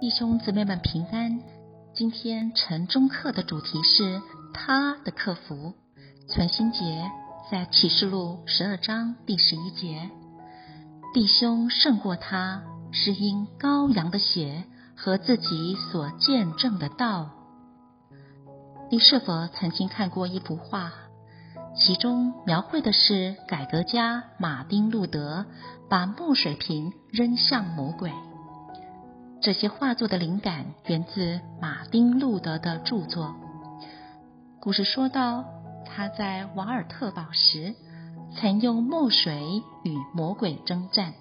弟兄姊妹們平安，今天晨鐘課的主題是祂的克服。存心節在啟示錄十二章第十一節。弟兄勝過他，是因羔羊的血和自己所見證的道。你是否曾經看過一幅畫，其中描繪的是改革家馬丁路德把墨水瓶扔向魔鬼？這些畫作的靈感源自馬丁·路德的著作。故事說到，他在瓦爾特堡時曾用墨水與魔鬼爭戰。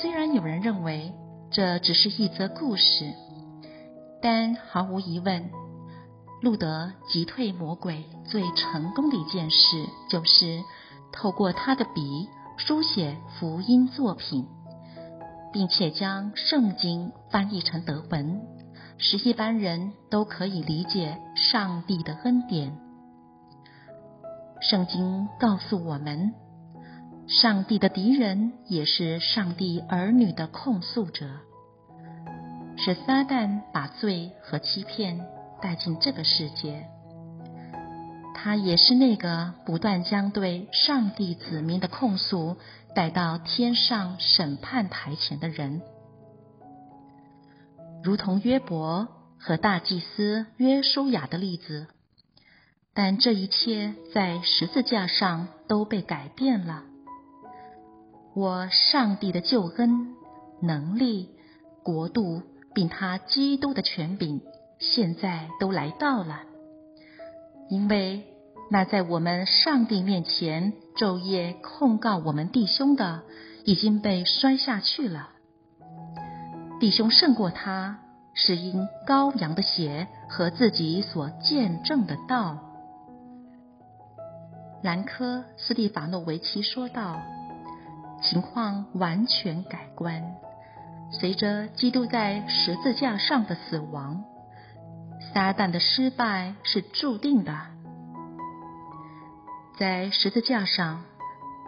雖然有人認為這只是一則故事，但毫無疑問，路德擊退魔鬼最成功的一件事，就是透過他的筆書寫福音作品。並且將聖經翻譯成德文，使一般人都可以理解上帝的恩典。聖經告訴我們，上帝的敵人也是上帝兒女的控訴者，是撒旦把罪和欺騙帶進這個世界。他也是那個不斷將對上帝子民的控訴帶到天上審判台前的人，如同約伯和大祭司約書亞的例子。但這一切在十字架上都被改變了。我上帝的救恩、能力、國度，並他基督的權柄，現在都來到了。因為那在我們上帝面前晝夜控告我們弟兄的，已經被摔下去了。弟兄勝過他，是因羔羊的血和自己所見證的道。蘭科斯蒂法諾維奇說道：情況完全改觀，隨着基督在十字架上的死亡。撒旦的失敗是注定的。在十字架上，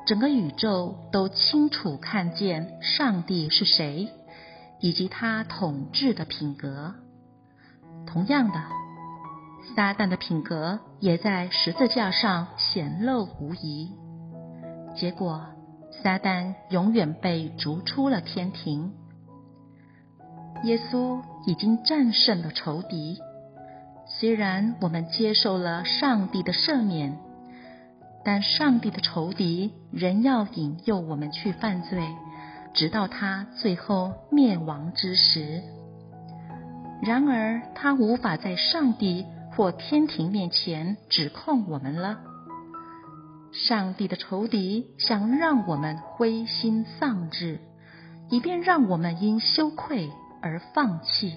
整個宇宙都清楚看見上帝是誰，以及他統治的品格。同樣的，撒旦的品格也在十字架上顯露無遺。結果，撒旦永遠被逐出了天庭。耶穌已經戰勝了仇敵。雖然我們接受了上帝的赦免，但上帝的仇敵仍要引誘我們去犯罪，直到他最後滅亡之時。然而，他無法在上帝或天庭面前指控我們了。上帝的仇敵想讓我們灰心喪志，以便讓我們因羞愧而放棄。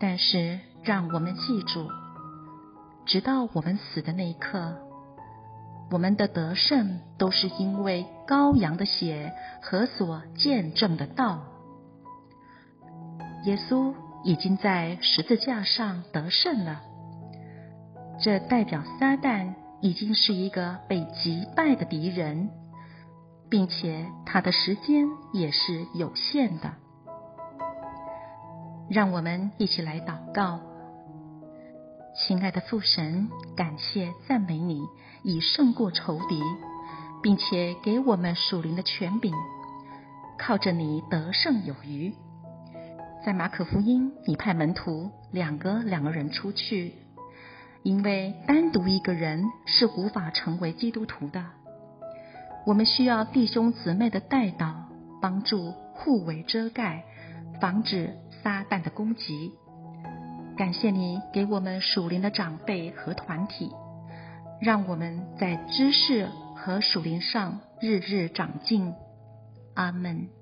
但是，讓我們記住，直到我們死的那一刻，我們的得勝都是因為羔羊的血和所見證的道。耶穌已經在十字架上得勝了，這代表撒旦已經是一個被擊敗的敵人，並且他的時間也是有限的。讓我們一起來禱告，親愛的父神，感謝讚美你，已勝過仇敵，並且給我們屬靈的權柄，靠着你得勝有餘。在馬可福音，你派門徒兩個兩個人出去，因為單獨一個人是無法成為基督徒的。我們需要弟兄姊妹的代禱、幫助、互為遮蓋，防止撒旦的攻擊，感謝你給我們屬靈的長輩和團體，讓我們在知識和屬靈上日日長進。阿門。